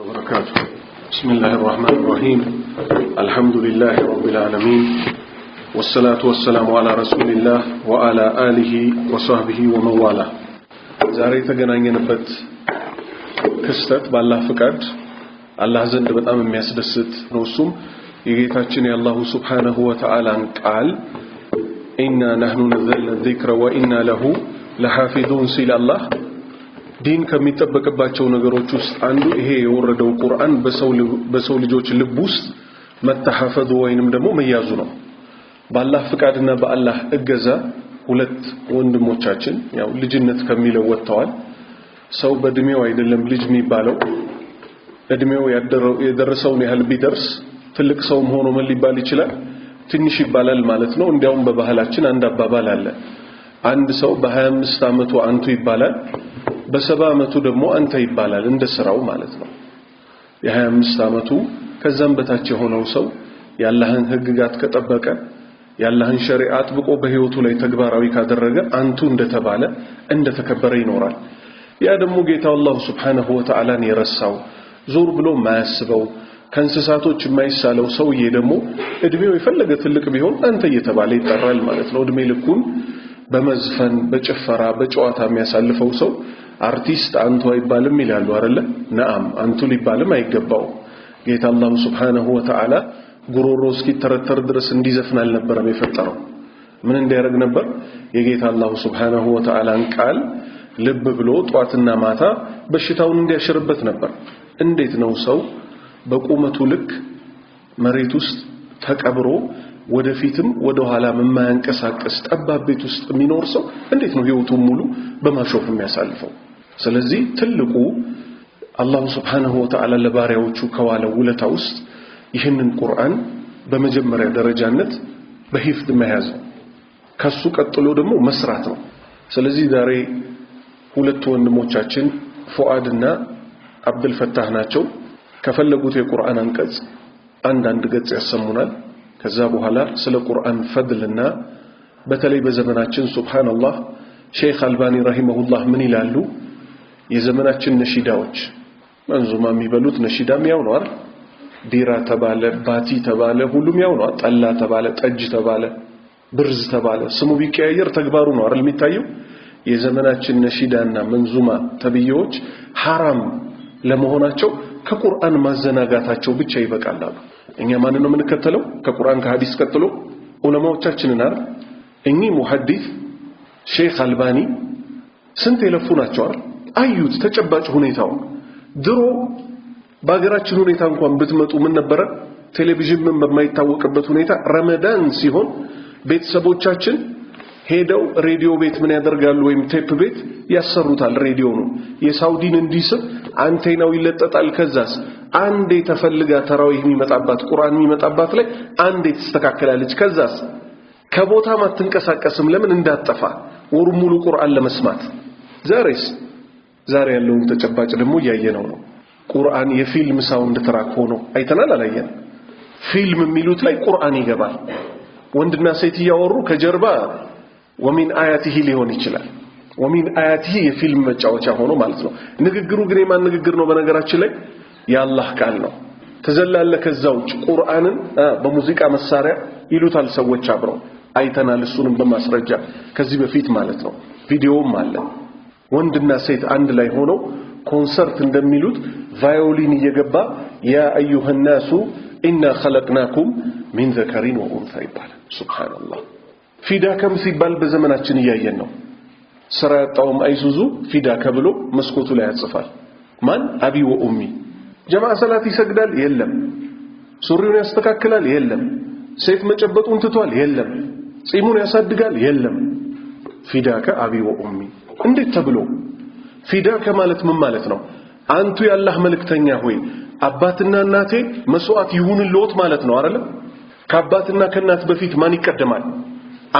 وبركاته بسم الله الرحمن الرحيم الحمد لله رب العالمين والصلاة والسلام على رسول الله وعلى آله وصحبه ومن والاه زاريت جنانين فت كستت بالله فكاد الله زند بتأم ميسد ست نوسم يجيتاتشني الله سبحانه وتعالى قال إنا نحن نزل الذكر وإنا له لحافظون سيل الله ዲን ከሚጠበቅባቸው ነገሮች ውስጥ አንዱ ይሄ የወረደው ቁርአን በሰው ልጆች ልብ ውስጥ መታሐፈዙ ወይንም ደግሞ መያዙ ነው። በአላህ ፍቃድና በአላህ እገዛ ሁለት ወንድሞቻችን ያው ልጅነት ከሚለው ወጥተዋል። ሰው በእድሜው አይደለም ልጅ የሚባለው እድሜው የደረሰውን ያህል ቢደርስ ትልቅ ሰውም ሆኖ ምን ሊባል ይችላል? ትንሽ ይባላል ማለት ነው። እንዲያውም በባህላችን አንድ አባባል አለ። አንድ ሰው በ25 ዓመቱ አንቱ ይባላል በሰባ ዓመቱ ደግሞ አንተ ይባላል እንደ ስራው ማለት ነው። የ የ25 ዓመቱ ከዛም በታች የሆነው ሰው የአላህን ህግጋት ከጠበቀ የአላህን ሸሪዓ አጥብቆ በህይወቱ ላይ ተግባራዊ ካደረገ አንቱ እንደተባለ እንደተከበረ ይኖራል። ያ ደግሞ ጌታው አላሁ ሱብሓነሁ ወተዓላን የረሳው ዞር ብሎ የማያስበው ከእንስሳቶች የማይሳለው ሰውዬ ደግሞ እድሜው የፈለገ ትልቅ ቢሆን አንተ እየተባለ ይጠራል ማለት ነው። እድሜ ልኩን በመዝፈን በጭፈራ በጨዋታ የሚያሳልፈው ሰው አርቲስት አንቱ አይባልም ይላሉ አይደለ? ነአም አንቱ ሊባልም አይገባው። ጌታ አላህ ሱብሓነሁ ወተዓላ ጉሮሮ እስኪተረተር ድረስ እንዲዘፍን አልነበረም የፈጠረው። ምን እንዲያደርግ ነበር? የጌታ አላህ ሱብሓነሁ ወተዓላን ቃል ልብ ብሎ ጧትና ማታ በሽታውን እንዲያሽርበት ነበር። እንዴት ነው ሰው በቁመቱ ልክ መሬት ውስጥ ተቀብሮ ወደፊትም ወደኋላም የማያንቀሳቀስ ጠባብ ቤት ውስጥ የሚኖር ሰው እንዴት ነው ህይወቱን ሙሉ በማሾፍ የሚያሳልፈው? ስለዚህ ትልቁ አላሁ ስብሓነሁ ወተዓላ ለባሪያዎቹ ከዋለው ውለታ ውስጥ ይህንን ቁርአን በመጀመሪያ ደረጃነት በሂፍድ መያዝ ነው። ከሱ ቀጥሎ ደግሞ መስራት ነው። ስለዚህ ዛሬ ሁለቱ ወንድሞቻችን ፉአድና አብዱልፈታህ ናቸው። ከፈለጉት የቁርአን አንቀጽ አንዳንድ ገጽ ያሰሙናል። ከዛ በኋላ ስለ ቁርአን ፈድልና በተለይ በዘመናችን ሱብሃነላህ ሼክ አልባኒ ረሂመሁላህ ምን ይላሉ? የዘመናችን ነሺዳዎች መንዙማ የሚበሉት ነሺዳም ያው ነው አይደል? ቢራ ተባለ፣ ባቲ ተባለ፣ ሁሉም ያው ነው። ጠላ ተባለ፣ ጠጅ ተባለ፣ ብርዝ ተባለ። ስሙ ቢቀያየር ተግባሩ ነው አይደል የሚታየው። የዘመናችን ነሺዳና መንዙማ ተብዬዎች ሐራም ለመሆናቸው ከቁርአን ማዘናጋታቸው ብቻ ይበቃላሉ። እኛ ማንን ነው የምንከተለው? ከቁርአን ከሐዲስ ቀጥሎ ዑለማዎቻችንን አይደል? እኚህ ሙሐዲስ ሼክ አልባኒ ስንት የለፉ ናቸዋል። አዩት ተጨባጭ ሁኔታው። ድሮ በሀገራችን ሁኔታ እንኳን ብትመጡ ምን ነበረ? ቴሌቪዥን ምን በማይታወቅበት ሁኔታ ረመዳን ሲሆን ቤተሰቦቻችን ሄደው ሬዲዮ ቤት ምን ያደርጋሉ? ወይም ቴፕ ቤት ያሰሩታል። ሬዲዮ ነው የሳውዲን እንዲስብ አንቴናው ይለጠጣል። ከዛስ አንዴ ተፈልጋ ተራዊህ የሚመጣባት ቁርአን የሚመጣባት ላይ አንዴ ትስተካከላለች። ከዛስ ከቦታም አትንቀሳቀስም። ለምን እንዳጠፋ ወሩ ሙሉ ቁርአን ለመስማት። ዛሬስ ዛሬ ያለውን ተጨባጭ ደግሞ እያየነው ነው። ቁርአን የፊልም ሳውንድ ትራክ ሆኖ አይተናል። አላየን ፊልም የሚሉት ላይ ቁርአን ይገባል። ወንድና ሴት እያወሩ ከጀርባ ወሚን አያቲሂ ሊሆን ይችላል። ወሚን አያቲሂ የፊልም መጫወቻ ሆኖ ማለት ነው። ንግግሩ ግን የማን ንግግር ነው? በነገራችን ላይ የአላህ ቃል ነው። ትዘላለህ ከዛ ውጭ ቁርአንን በሙዚቃ መሳሪያ ይሉታል ሰዎች አብረው አይተናል። እሱንም በማስረጃ ከዚህ በፊት ማለት ነው። ቪዲዮም አለ። ወንድና ሴት አንድ ላይ ሆነው ኮንሰርት እንደሚሉት ቫዮሊን እየገባ ያ አዩሃ ናሱ ኢና ኸለቅናኩም ሚን ዘከሪን ወኡንሳ ይባላል። ሱብሓነላህ። ፊዳ ከም ሲባል በዘመናችን እያየን ነው። ስራ ያጣውም አይሱዙ ፊዳ ከብሎ መስኮቱ ላይ ያጽፋል። ማን አቢ ወኡሚ ጀማዓ ሰላት ይሰግዳል? የለም። ሱሪውን ያስተካክላል? የለም። ሴት መጨበጡን ትቷል? የለም። ጺሙን ያሳድጋል? የለም። ፊዳከ አቢ ወኡሚ እንዴት ተብሎ ፊዳከ ማለት ምን ማለት ነው? አንቱ የአላህ መልእክተኛ ሆይ አባትና እናቴ መስዋዕት ይሁንልዎት ማለት ነው አይደለም? ከአባትና ከእናት በፊት ማን ይቀደማል?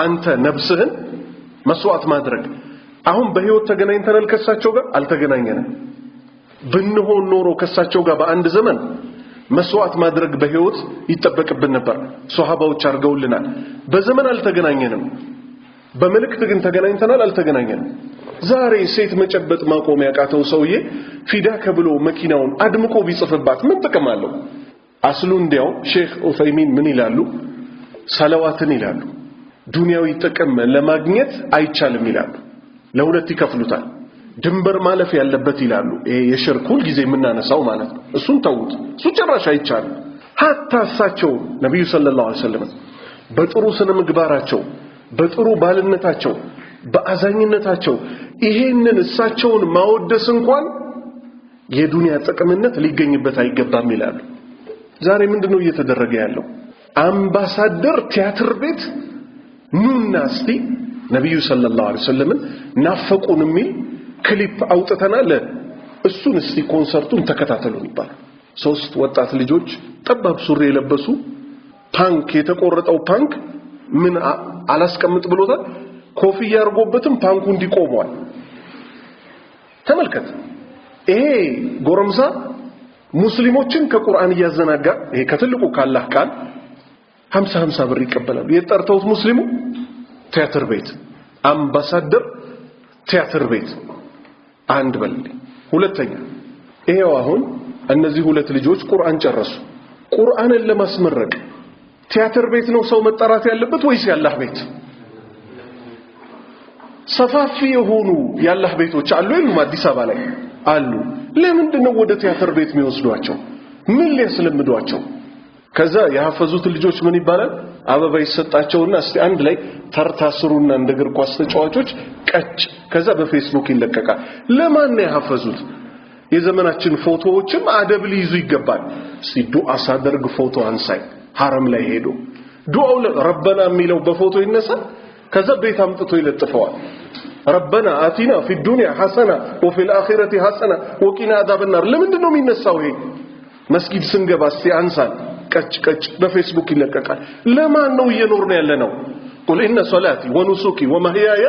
አንተ ነፍስህን መስዋዕት ማድረግ። አሁን በህይወት ተገናኝተናል ከሳቸው ጋር አልተገናኘንም። ብንሆን ኖሮ ከእሳቸው ጋር በአንድ ዘመን መስዋዕት ማድረግ በህይወት ይጠበቅብን ነበር። ሶሃባዎች አድርገውልናል። በዘመን አልተገናኘንም፣ በመልእክት ግን ተገናኝተናል። አልተገናኘንም። ዛሬ ሴት መጨበጥ ማቆም ያቃተው ሰውዬ ፊዳ ከብሎ መኪናውን አድምቆ ቢጽፍባት ምን ጥቅም አለው? አስሉ እንዲያው ሼክ ኡሰይሚን ምን ይላሉ? ሰለዋትን ይላሉ ዱንያዊ ጥቅም ለማግኘት አይቻልም ይላሉ። ለሁለት ይከፍሉታል። ድንበር ማለፍ ያለበት ይላሉ። ይሄ የሽርክ ሁል ጊዜ የምናነሳው ማለት ነው። እሱን ተውት፣ እሱ ጭራሽ አይቻልም። ሀታ እሳቸው ነቢዩ ሰለላሁ ዐለይሂ ወሰለም በጥሩ ስነ ምግባራቸው፣ በጥሩ ባልነታቸው፣ በአዛኝነታቸው ይሄንን እሳቸውን ማወደስ እንኳን የዱንያ ጥቅምነት ሊገኝበት አይገባም ይላሉ። ዛሬ ምንድነው እየተደረገ ያለው? አምባሳደር ቲያትር ቤት ኑና እስቲ ነቢዩ ሰለላሁ ዐለይሂ ወሰለምን ናፈቁን የሚል ክሊፕ አውጥተናል። እሱን እስቲ ኮንሰርቱን ተከታተሉን ይባላል። ሶስት ወጣት ልጆች ጠባብ ሱሪ የለበሱ ፓንክ የተቆረጠው ፓንክ ምን አላስቀምጥ ብሎታል። ኮፍያ አድርጎበትም ፓንኩ እንዲቆመዋል። ተመልከት። ይሄ ጎረምሳ ሙስሊሞችን ከቁርአን እያዘናጋ ይሄ ከትልቁ ካላህ ቃል 50 50 ብር ይቀበላሉ። የጠርተውት ሙስሊሙ ቲያትር ቤት አምባሳደር ቲያትር ቤት አንድ በል። ሁለተኛ ይሄው አሁን እነዚህ ሁለት ልጆች ቁርአን ጨረሱ። ቁርአንን ለማስመረቅ ቲያትር ቤት ነው ሰው መጠራት ያለበት ወይስ ያላህ ቤት? ሰፋፊ የሆኑ ያላህ ቤቶች አሉ የሉም? አዲስ አበባ ላይ አሉ። ለምንድን ነው ወደ ቲያትር ቤት የሚወስዷቸው? ምን ሊያስለምዷቸው? ከዛ የሐፈዙት ልጆች ምን ይባላል? አበባ ይሰጣቸውና እስቲ አንድ ላይ ተርታ ስሩና እንደ እግር ኳስ ተጫዋቾች ቀጭ። ከዛ በፌስቡክ ይለቀቃል። ለማን ነው የሐፈዙት? የዘመናችን ፎቶዎችም አደብ ሊይዙ ይገባል። እስቲ ዱዓ ሳደርግ ፎቶ አንሳይ። ሐረም ላይ ሄዶ ዱዓው ረበና የሚለው በፎቶ ይነሳል። ከዛ ቤት አምጥቶ ይለጥፈዋል። ረበና አቲና ፊዱንያ ሐሰና ወፊል አኺረቲ ሐሰና ወቂና አዛብናር። ለምንድን ነው የሚነሳው? ይሄ መስጊድ ስንገባ እስቲ አንሳል ቀጭ ቀጭ በፌስቡክ ይለቀቃል። ለማን ነው እየኖር ነው ያለ ነው? ቁል ኢነ ሰላቲ ወኑሱኪ ወመህያየ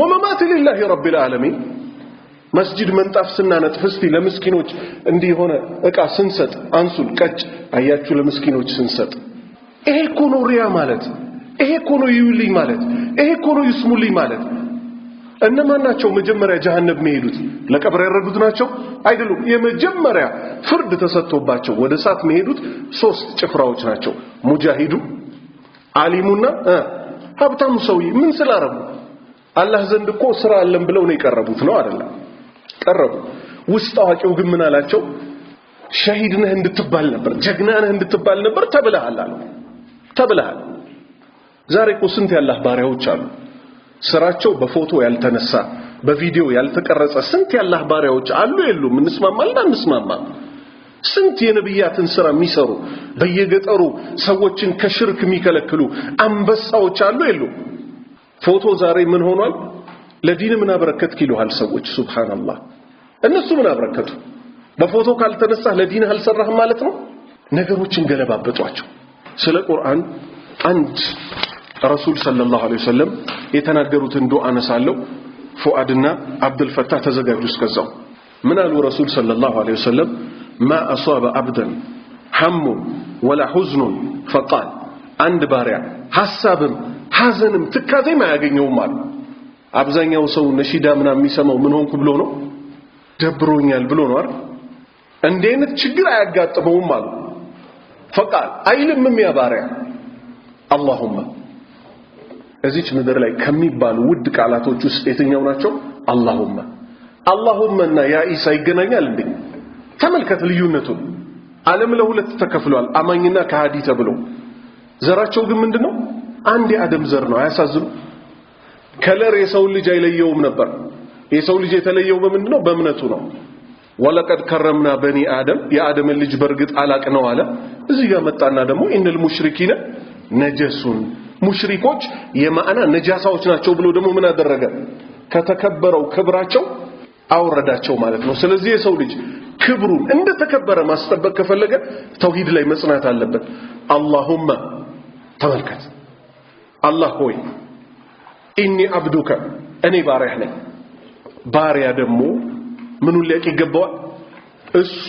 ወመማቲ ሊላሂ ረቢል ዓለሚን። መስጂድ ምንጣፍ ስናነጥፍ እስቲ ለምስኪኖች እንዲህ የሆነ እቃ ስንሰጥ አንሱን ቀጭ አያችሁ፣ ለምስኪኖች ስንሰጥ ይሄ እኮ ነው ሪያ ማለት፣ ይሄ እኮ ነው ይዩልኝ ማለት፣ ይሄ እኮ ነው ይስሙልኝ ማለት እነማን ናቸው መጀመሪያ ጀሃነም የሚሄዱት? ለቀብር ያረዱት ናቸው አይደሉም። የመጀመሪያ ፍርድ ተሰጥቶባቸው ወደ እሳት የሚሄዱት ሶስት ጭፍራዎች ናቸው። ሙጃሂዱ፣ አሊሙና ሀብታሙ ሰውዬ። ምን ስላረጉ? አላህ ዘንድ እኮ ስራ አለን ብለው ነው የቀረቡት ነው አይደለም? ቀረቡ። ውስጥ አዋቂው ግን ምን አላቸው? ሸሂድ ነህ እንድትባል ነበር፣ ጀግና ነህ እንድትባል ነበር ተብለሃል አለው። ተብለሃል። ዛሬ እኮ ስንት ያላህ ባሪያዎች አሉ ስራቸው በፎቶ ያልተነሳ በቪዲዮ ያልተቀረጸ ስንት የአላህ ባሪያዎች አሉ የሉም? እንስማማለን እንስማማ ስንት የነብያትን ስራ የሚሰሩ በየገጠሩ ሰዎችን ከሽርክ የሚከለክሉ አንበሳዎች አሉ የሉ ፎቶ ዛሬ ምን ሆኗል? ለዲን ምን አበረከትክ ይሉሃል ሰዎች። ሱብሃንአላህ እነሱ ምን አበረከቱ? በፎቶ ካልተነሳ ለዲን አልሰራህም ማለት ነው። ነገሮችን ገለባበጧቸው። ስለ ቁርአን አንድ ረሱል ሰለላሁ ዐለይሂ ወሰለም የተናገሩትን ዱዓ አነሳለሁ። ፉአድና አብዱልፈታህ ተዘጋጁ። እስከዛው ምን አሉ ረሱል ሰለላሁ ዐለይሂ ወሰለም? ማ አሷበ አብደን ሐሙን ወላ ሑዝኑን ፈቃል አንድ ባሪያ ሐሳብም ሐዘንም ትካዜም አያገኘውም አሉ። አብዛኛው ሰው ነሺዳ ምናምን የሚሰማው ምን ሆንኩ ብሎ ነው፣ ደብሮኛል ብሎ ነው አይደል? እንዲህ አይነት ችግር አያጋጥመውም አሉ። ፈቃል አይልምም ያ ባሪያ አላሁመ እዚች ምድር ላይ ከሚባሉ ውድ ቃላቶች ውስጥ የትኛው ናቸው? አላሁመ አላሁመና ያ ኢሳ ይገናኛል እንዴ? ተመልከት ልዩነቱን። ዓለም ለሁለት ተከፍሏል፣ አማኝና ከሃዲ ተብሎ። ዘራቸው ግን ምንድነው? አንድ የአደም ዘር ነው። አያሳዝኑ? ከለር የሰውን ልጅ አይለየውም ነበር። የሰው ልጅ የተለየው በምንድን በእምነቱ ነው። ወለቀድ ከረምና በኒ አደም የአደምን ልጅ በእርግጥ አላቅ ነው አለ። እዚህ ጋር መጣና ደግሞ ኢነል ሙሽሪኪነ ነጀሱን ሙሽሪኮች የማዕና ነጃሳዎች ናቸው ብሎ ደግሞ ምን አደረገ? ከተከበረው ክብራቸው አወረዳቸው ማለት ነው። ስለዚህ የሰው ልጅ ክብሩን እንደተከበረ ማስጠበቅ ከፈለገ ተውሂድ ላይ መጽናት አለበት። አላሁመ ተመልከት፣ አላህ ሆይ ኢኒ አብዱከ እኔ ባሪያህ ነኝ። ባሪያ ደግሞ ምኑን ሊያቅ ይገባዋል? እሱ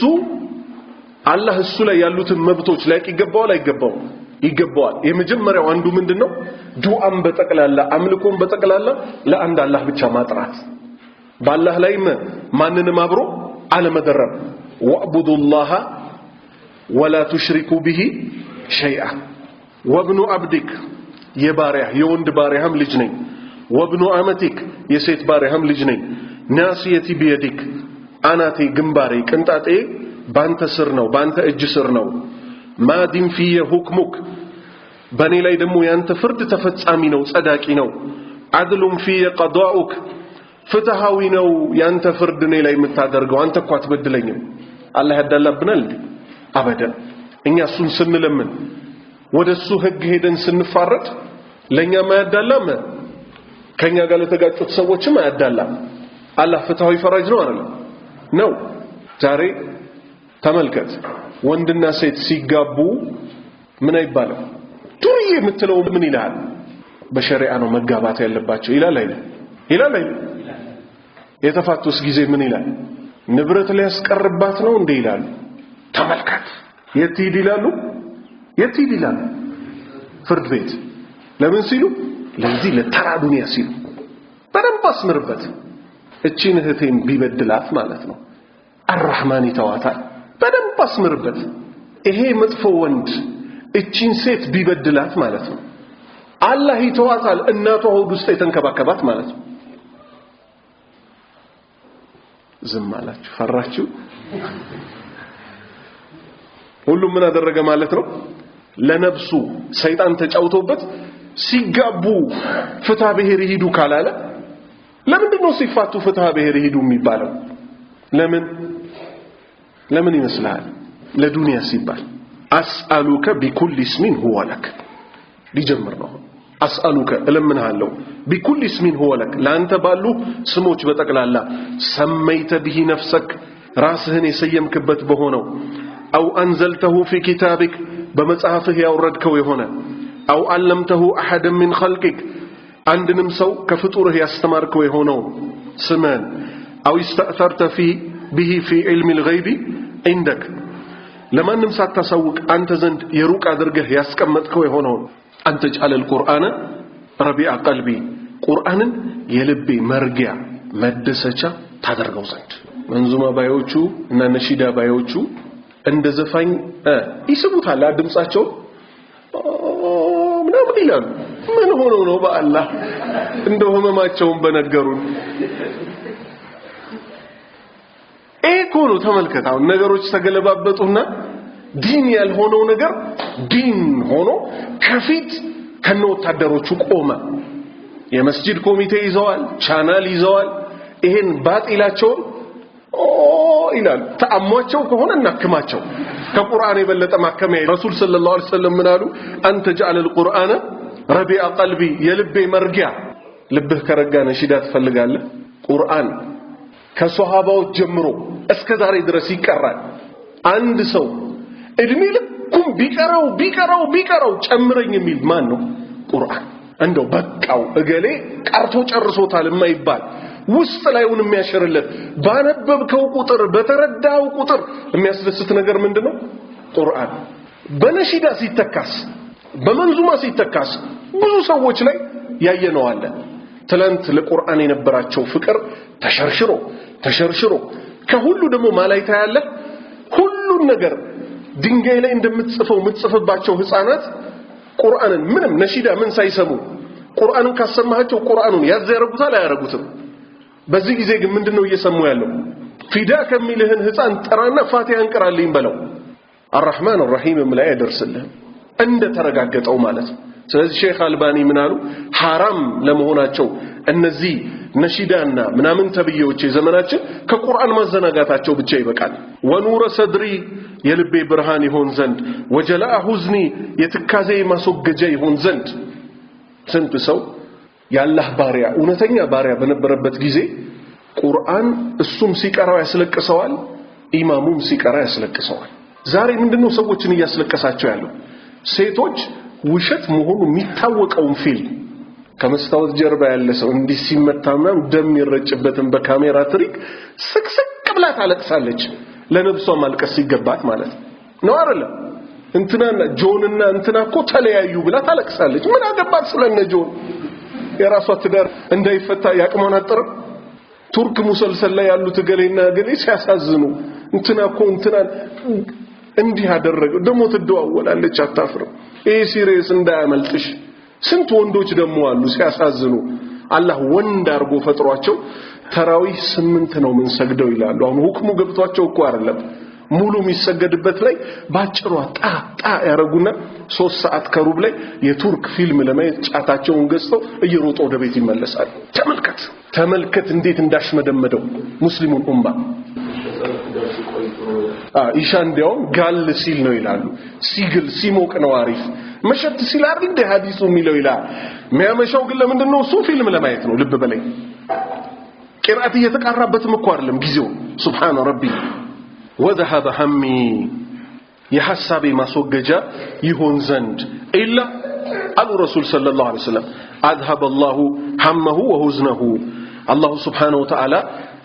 አላህ እሱ ላይ ያሉትን መብቶች ሊያቅ ይገባዋል አይገባውም? ይገባዋል። የመጀመሪያው አንዱ ምንድነው? ዱዓን በጠቅላላ አምልኮን በጠቅላላ ለአንድ አላህ ብቻ ማጥራት፣ በአላህ ላይም ማንንም አብሮ አለመደረብ። ወዕቡዱላህ ወላ ቱሽሪኩ ቢሂ ሸይአ ወብኑ አብዲክ የባሪያህ የወንድ ባሪያህም ልጅ ነኝ። ወብኑ አመቲክ የሴት ባሪያህም ልጅ ነኝ። ናስየቲ ቢየዲክ አናቴ ግንባሬ ቅንጣጤ ባንተ ስር ነው፣ ባንተ እጅ ስር ነው። ማዲን ፊየ ሁክሙክ በእኔ ላይ ደግሞ ያንተ ፍርድ ተፈጻሚ ነው፣ ጸዳቂ ነው። አድሉን ፊየ ቀዷኡክ ፍትሃዊ ነው ያንተ ፍርድ እኔ ላይ የምታደርገው፣ አንተ እኮ አትበድለኝም። አላህ ያዳላብናል እንዴ? አበደን። እኛ እሱን ስንለምን ወደ እሱ ህግ ሄደን ስንፋረድ ለእኛም አያዳላም፣ ከእኛ ጋር ለተጋጩት ሰዎችም አያዳላም። አላህ ፍትሃዊ ፈራጅ ነው አይደለም ነው ዛሬ ተመልከት ወንድና ሴት ሲጋቡ ምን አይባልም? ዱርዬ የምትለው ምን ይላል? በሸሪዓ ነው መጋባት ያለባቸው ይላል አይደል? ይላል አይደል? የተፋቱስ ጊዜ ምን ይላል? ንብረት ሊያስቀርባት ነው እንዴ ይላሉ። ተመልከት የት ሂድ ይላሉ? የት ሂድ ይላሉ? ፍርድ ቤት ለምን ሲሉ ለዚህ ለተራ ዱንያ ሲሉ በደንብ አስምርበት። እቺን እህቴን ቢበድላት ማለት ነው አራህማን ይተዋታል። አስምርበት። ይሄ መጥፎ ወንድ እቺን ሴት ቢበድላት ማለት ነው አላህ ይተዋታል፣ እናቷ ሆድ ውስጥ የተንከባከባት ማለት ነው። ዝም አላችሁ፣ ፈራችሁ። ሁሉም ምን አደረገ ማለት ነው? ለነብሱ ሰይጣን ተጫውቶበት ሲጋቡ ፍትሐ ብሔር ይሂዱ ካላለ ለምንድን ነው ሲፋቱ ፍትሐ ብሔር ይሂዱ የሚባለው? ለምን لمن يمسلها لدنيا سبال أسألك بكل اسم هو لك لجمرناه أسألك لمن اللو بكل اسم هو لك لأن تبالو سموك بتك لألا سميت به نفسك راسهن سيم كبت بهونو أو أنزلته في كتابك بمتعافه أو ردكوي هنا أو علمته أحدا من خلقك عند نمسو كفطوره يستمر كوي هنا سمان أو استأثرت فيه ቢሂ ፊ ዒልሚ ልገይቢ ዒንደክ ለማንም ሳታሳውቅ አንተ ዘንድ የሩቅ አድርገህ ያስቀመጥከው የሆነውን አንተ ጫለል ቁርአነ ረቢአ ቀልቢ ቁርአንን የልቤ መርጊያ መደሰቻ ታደርገው ዘንድ መንዙማ ባዮቹ እና ነሺዳ ባዮቹ እንደ ዘፋኝ ይስቡታል። ድምፃቸው ምናምን ይላሉ። ምን ሆነው ነው በአላህ እንደው ህመማቸውን በነገሩን ኤኮ እኮ ነው ተመልከት። አሁን ነገሮች ተገለባበጡና ዲን ያልሆነው ነገር ዲን ሆኖ ከፊት ወታደሮቹ ቆመ። የመስጂድ ኮሚቴ ይዘዋል፣ ቻናል ይዘዋል። ይሄን ባጢላቸውን ኦ ይላል። ተአሟቸው ከሆነ እናክማቸው። ከቁርአን የበለጠ ማከሚያ ረሱል ሰለላሁ ዐለይሂ ወሰለም ምን አሉ? አንተ ጀዐለል ቁርአነ ረቢአ ቀልቢ፣ የልቤ መርጊያ። ልብህ ከረጋ ነሺዳ ትፈልጋለህ ቁርአን ከሶሃባዎች ጀምሮ እስከ ዛሬ ድረስ ይቀራል። አንድ ሰው እድሜ ልኩም ቢቀረው ቢቀረው ቢቀረው ጨምረኝ የሚል ማን ነው? ቁርአን እንደው በቃው እገሌ ቀርቶ ጨርሶታል የማይባል ውስጥ ላይውን የሚያሸርለት ባነበብከው ቁጥር በተረዳው ቁጥር የሚያስደስት ነገር ምንድነው? ቁርአን በነሺዳ ሲተካስ በመንዙማ ሲተካስ ብዙ ሰዎች ላይ ያየነዋለን። ትላንት ለቁርአን የነበራቸው ፍቅር ተሸርሽሮ ተሸርሽሮ ከሁሉ ደግሞ ማላይታ ያለ ሁሉን ነገር ድንጋይ ላይ እንደምትጽፈው የምትጽፍባቸው ህፃናት ቁርአንን ምንም ነሺዳ ምን ሳይሰሙ ቁርአንን ካሰማቸው ቁርአኑን ያዝ ያረጉታል አያረጉትም። በዚህ ጊዜ ግን ምንድነው እየሰሙ ያለው? ፊዳ ከሚልህን ህፃን ጠራና ፋቲሃን ቅራልኝ በለው። አርራህማን አርራሂም ላይ አይደርስልህም እንደተረጋገጠው ማለት ነው። ስለዚህ ሼክ አልባኒ ምን አሉ ሐራም ለመሆናቸው እነዚህ ነሺዳና ምናምን ተብዬዎች የዘመናችን ከቁርአን ማዘናጋታቸው ብቻ ይበቃል። ወኑረ ሰድሪ የልቤ ብርሃን ይሆን ዘንድ ወጀላአ ሁዝኒ የትካዜ ማስወገጃ ይሆን ዘንድ ስንት ሰው የአላህ ባሪያ እውነተኛ ባሪያ በነበረበት ጊዜ ቁርአን እሱም ሲቀራው ያስለቅሰዋል፣ ኢማሙም ሲቀራ ያስለቅሰዋል። ዛሬ ምንድነው ሰዎችን እያስለቀሳቸው ያለው? ሴቶች ውሸት መሆኑ የሚታወቀውን ፊልም ከመስታወት ጀርባ ያለ ሰው እንዲህ ሲመታ ምናምን ደም ይረጭበትን በካሜራ ትሪክ ስቅስቅ ብላ ታለቅሳለች። ለነብሷ ማልቀስ ሲገባት ማለት ነው አይደለም። እንትናና ጆንና እንትና እኮ ተለያዩ ብላ ታለቅሳለች። ምን አገባት ስለነ ጆን? የራሷ ትዳር እንዳይፈታ ያቅሟን አጥረ ቱርክ ሙሰልሰል ላይ ያሉት እገሌና እገሌ ሲያሳዝኑ እንትና እኮ እንትናን እንዲህ አደረገው። ደግሞ ትደዋወላለች አታፍርም። ይህ ሲሪየስ እንዳያመልጥሽ። ስንት ወንዶች ደግሞ አሉ ሲያሳዝኑ፣ አላህ ወንድ አድርጎ ፈጥሯቸው ተራዊህ ስምንት ነው ምን ሰግደው ይላሉ። አሁን ሁክሙ ገብቷቸው እኮ አይደለም ሙሉ የሚሰገድበት ላይ ባጭሯ ጣ ጣ ያረጉና ሶስት ሰዓት ከሩብ ላይ የቱርክ ፊልም ለማየት ጫታቸውን ገዝተው እየሮጠ ወደ ቤት ይመለሳል። ተመልከት ተመልከት እንዴት እንዳሽመደመደው ሙስሊሙን ኡማ ኢሻ እንዲያውም ጋል ሲል ነው ይላሉ። ሲግል ሲሞቅ ነው አሪፍ መሸት ሲል አይደል እንደ ሐዲሱ የሚለው ይላል። የሚያመሻው ግን ለምንድን ነው? እሱ ፊልም ለማየት ነው። ልብ በላይ ቂርአት እየተቃራበትም እኮ አይደለም ጊዜው። ሱብሃነ ረቢ ወዘሀበ ሀሚ የሐሳቤ ማስወገጃ ይሆን ዘንድ ኢላ አሉ ረሱል ሰለላሁ ዐለይሂ ወሰለም አዝሀበ አላሁ ሐመሁ ወሁዝነሁ አላሁ ሱብሓነሁ ወተዓላ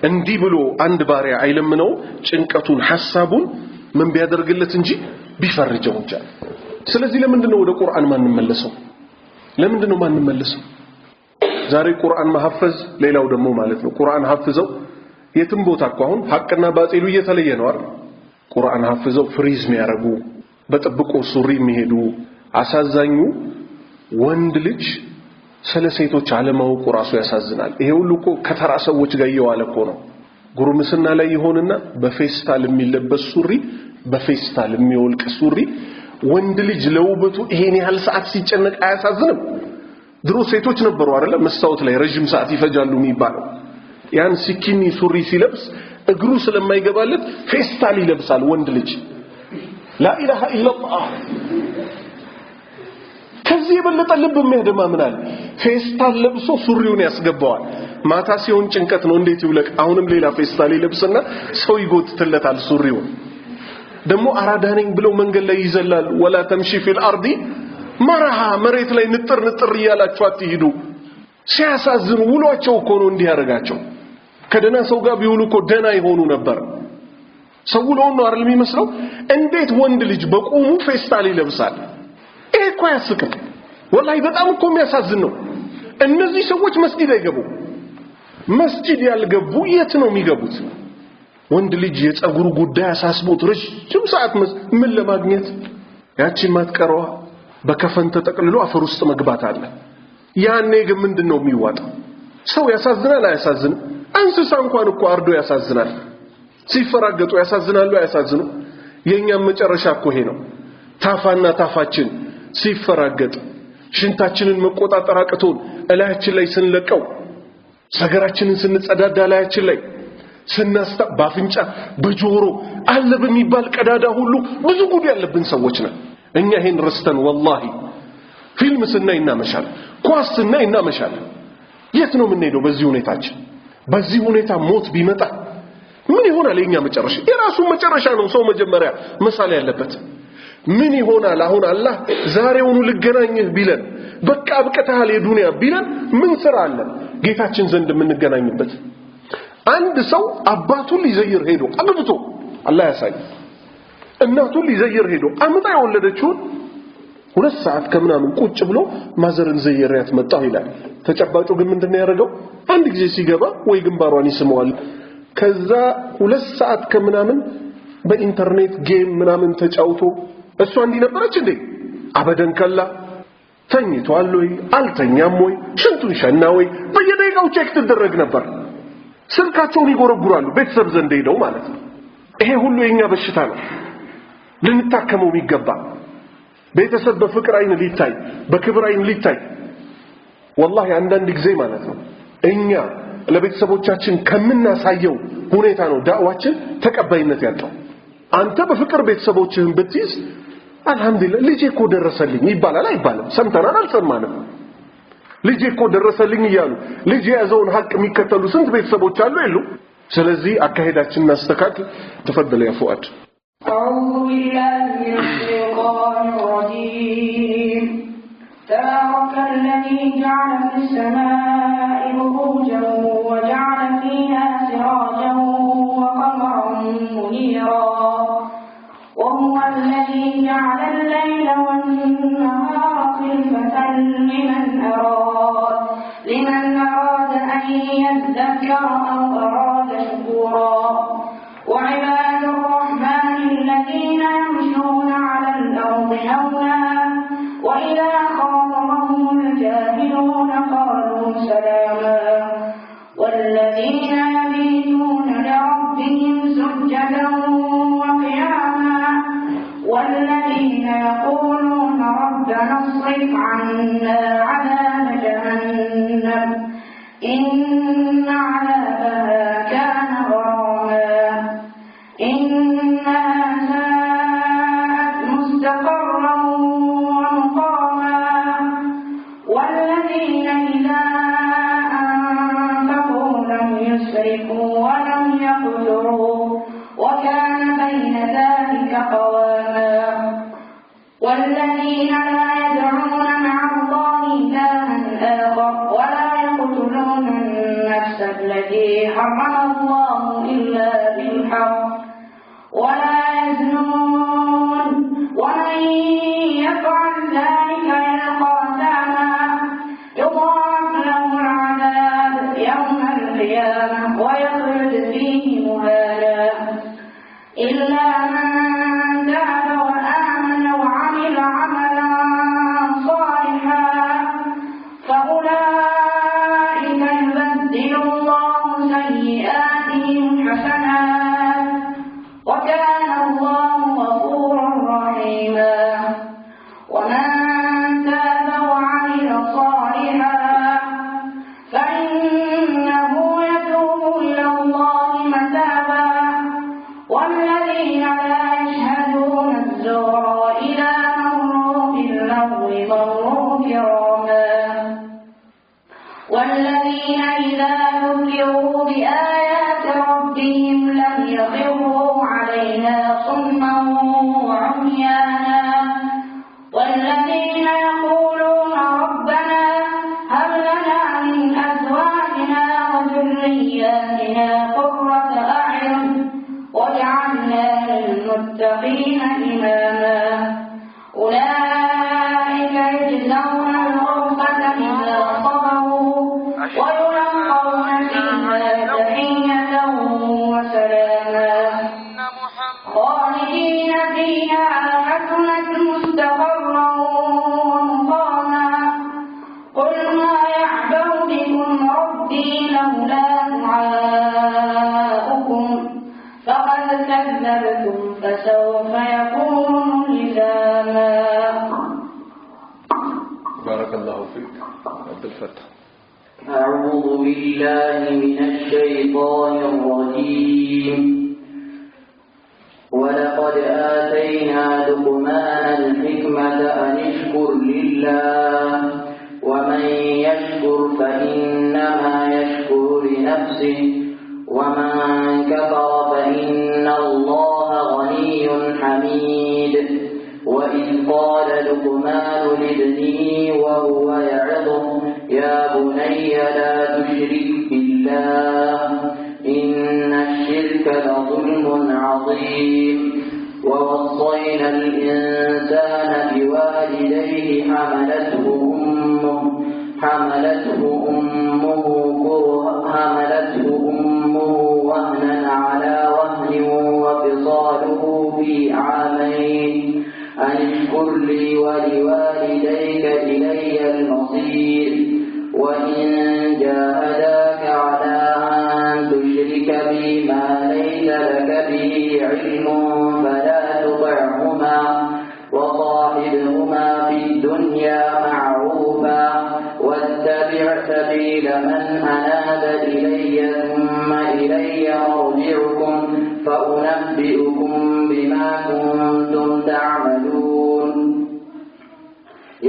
እንዲህ ብሎ አንድ ባሪያ አይለምነው ጭንቀቱን ሐሳቡን ምን ቢያደርግለት እንጂ ቢፈርጀው እንጂ። ስለዚህ ለምንድን ነው ወደ ቁርአን ማንመለሰው? ለምንድን ነው ማንመለሰው? ዛሬ ቁርአን ማሐፈዝ ሌላው ደግሞ ማለት ነው ቁርአን ሐፍዘው የትም ቦታ እኮ አሁን ሐቅና ባጢሉ እየተለየ ነው አይደል? ቁርአን ሐፍዘው ፍሪዝ የሚያረጉ በጥብቆ ሱሪ የሚሄዱ አሳዛኙ ወንድ ልጅ ስለ ሴቶች አለማወቁ ራሱ ያሳዝናል። ይሄ ሁሉ እኮ ከተራ ሰዎች ጋር እየዋለ እኮ ነው። ጉርምስና ላይ ይሆንና በፌስታል የሚለበስ ሱሪ፣ በፌስታል የሚወልቅ ሱሪ። ወንድ ልጅ ለውበቱ ይሄን ያህል ሰዓት ሲጨነቅ አያሳዝንም? ድሮ ሴቶች ነበሩ አይደለ መስታወት ላይ ረጅም ሰዓት ይፈጃሉ የሚባለው። ያን ሲኪኒ ሱሪ ሲለብስ እግሩ ስለማይገባለት ፌስታል ይለብሳል ወንድ ልጅ ላኢላሃ ኢላላህ ከዚህ የበለጠ ልብ የሚያደማ ምናል? ፌስታል ለብሶ ሱሪውን ያስገባዋል። ማታ ሲሆን ጭንቀት ነው፣ እንዴት ይውለቅ? አሁንም ሌላ ፌስታል ይለብስና ሰው ይጎትትለታል ሱሪውን። ደግሞ አራዳ ነኝ ብለው መንገድ ላይ ይዘላል። ወላ ተምሺ ፊል አርዲ መርሃ፣ መሬት ላይ ንጥር ንጥር እያላችሁ አትሂዱ። ሲያሳዝኑ ውሏቸው እኮ ነው እንዲህ ያደርጋቸው። ከደና ሰው ጋር ቢውሉ እኮ ደና ይሆኑ ነበር። ሰው ውሎውን ነው አይደል የሚመስለው? እንዴት ወንድ ልጅ በቁሙ ፌስታል ይለብሳል? ይሄ እኮ አያስቅም። ወላሂ በጣም እኮ የሚያሳዝን ነው። እነዚህ ሰዎች መስጂድ አይገቡ። መስጂድ ያልገቡ የት ነው የሚገቡት? ወንድ ልጅ የፀጉሩ ጉዳይ አሳስቦት ረጅም ሰዓት ምን ለማግኘት ያቺን ማትቀረዋ በከፈን ተጠቅልሎ አፈር ውስጥ መግባት አለ። ያኔ ግን ምንድን ነው የሚዋጣው? ሰው ያሳዝናል። አያሳዝንም? እንስሳ እንኳን እኮ አርዶ ያሳዝናል። ሲፈራገጡ ያሳዝናሉ። አያሳዝኑ? የእኛም መጨረሻ እኮ ይሄ ነው። ታፋና ታፋችን ሲፈራገጥ ሽንታችንን መቆጣጠር አቅቶን እላያችን ላይ ስንለቀው ሰገራችንን ስንጸዳዳ እላያችን ላይ ስናስታ በአፍንጫ በጆሮ አለ በሚባል ቀዳዳ ሁሉ ብዙ ጉድ ያለብን ሰዎች ነን። እኛ ይሄን ረስተን ወላሂ ፊልም ስናይ እናመሻለን፣ ኳስ ስናይ እናመሻለን። የት ነው የምንሄደው? በዚህ ሁኔታችን በዚህ ሁኔታ ሞት ቢመጣ ምን ይሆናል የኛ መጨረሻ? የራሱ መጨረሻ ነው ሰው መጀመሪያ ምሳሌ ያለበት። ምን ይሆናል አሁን አላህ ዛሬውኑ ልገናኝህ ቢለን በቃ አብቅተሃል የዱንያ ቢለን ምን ስራ አለ ጌታችን ዘንድ የምንገናኝበት አንድ ሰው አባቱን ሊዘይር ሄዶ አግብቶ አላህ ያሳይ እናቱን ሊዘይር ሄዶ አምጣ የወለደችውን ሁለት ሰዓት ከምናምን ቁጭ ብሎ ማዘርን ዘይሬያት መጣሁ ይላል ተጨባጩ ግን ምንድነው ያደረገው አንድ ጊዜ ሲገባ ወይ ግንባሯን ይስመዋል ከዛ ሁለት ሰዓት ከምናምን በኢንተርኔት ጌም ምናምን ተጫውቶ እሷ እንዲህ ነበረች እንዴ? አበደን ከላ ተኝቷል ወይ አልተኛም ወይ ሽንቱን ሸና ወይ በየደቂቃው ቼክ ትደረግ ነበር። ስልካቸውን ይጎረጉራሉ ቤተሰብ ዘንድ ሄደው ማለት ነው። ይሄ ሁሉ የኛ በሽታ ነው፣ ልንታከመው የሚገባ ቤተሰብ በፍቅር አይን ሊታይ በክብር አይን ሊታይ ወላሂ አንዳንድ ጊዜ ማለት ነው እኛ ለቤተሰቦቻችን ከምናሳየው ሁኔታ ነው ዳዕዋችን ተቀባይነት ያጣው። አንተ በፍቅር ቤተሰቦችህን ብትይዝ አልহামዱሊላህ ልጄ እኮ ደረሰልኝ ይባላል አይባልም ሰምተናል አልሰማንም ልጄ እኮ ደረሰልኝ እያሉ ልጅ የያዘውን ሀቅ የሚከተሉ ስንት ቤተሰቦች አሉ የሉ ስለዚህ አካሄዳችንን አስተካክል ተፈደለ ያ ፉአድ أعوذ بالله من الشيطان الرجيم تبارك الذي جعل في السماء بروجا وجعل فيها سراجا وقمرا منيرا وهو الذي جعل الليل والنهار خلفة لمن أراد لمن أراد أن يذكر أو أراد شكورا وعباد الرحمن الذين يمشون على الأرض هونا وإذا خاطبهم الجاهلون قالوا سلاما والذين يبيتون لربهم سجدا وقياما والذين يقولون ربنا اصرف عنا عذاب جهنم إن عذابها كان غراما هنا متقين إماما بالله من الشيطان الرجيم ولقد آتينا لقمان الحكمة أن اشكر لله ومن يشكر فإنما يشكر لنفسه ومن كفر فإن الله غني حميد وإذ قال لقمان لابنه وهو يعلم يا بني لا تشرك بالله إن الشرك لظلم عظيم ووصينا الإنسان بوالديه حملته أمه حملته أمه حملته أمه وهنا على وهن وفصاله في عامين أن اشكر لي ولوالديك إلي المصير وإن جاهداك على أن تشرك بي ما ليس لك به علم فلا تطعهما وصاحبهما في الدنيا معروفا واتبع سبيل من أناب إلي ثم إلي مرجعك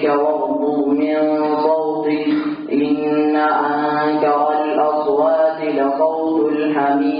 بصرك واغضب من صوتك إن لصوت الحميد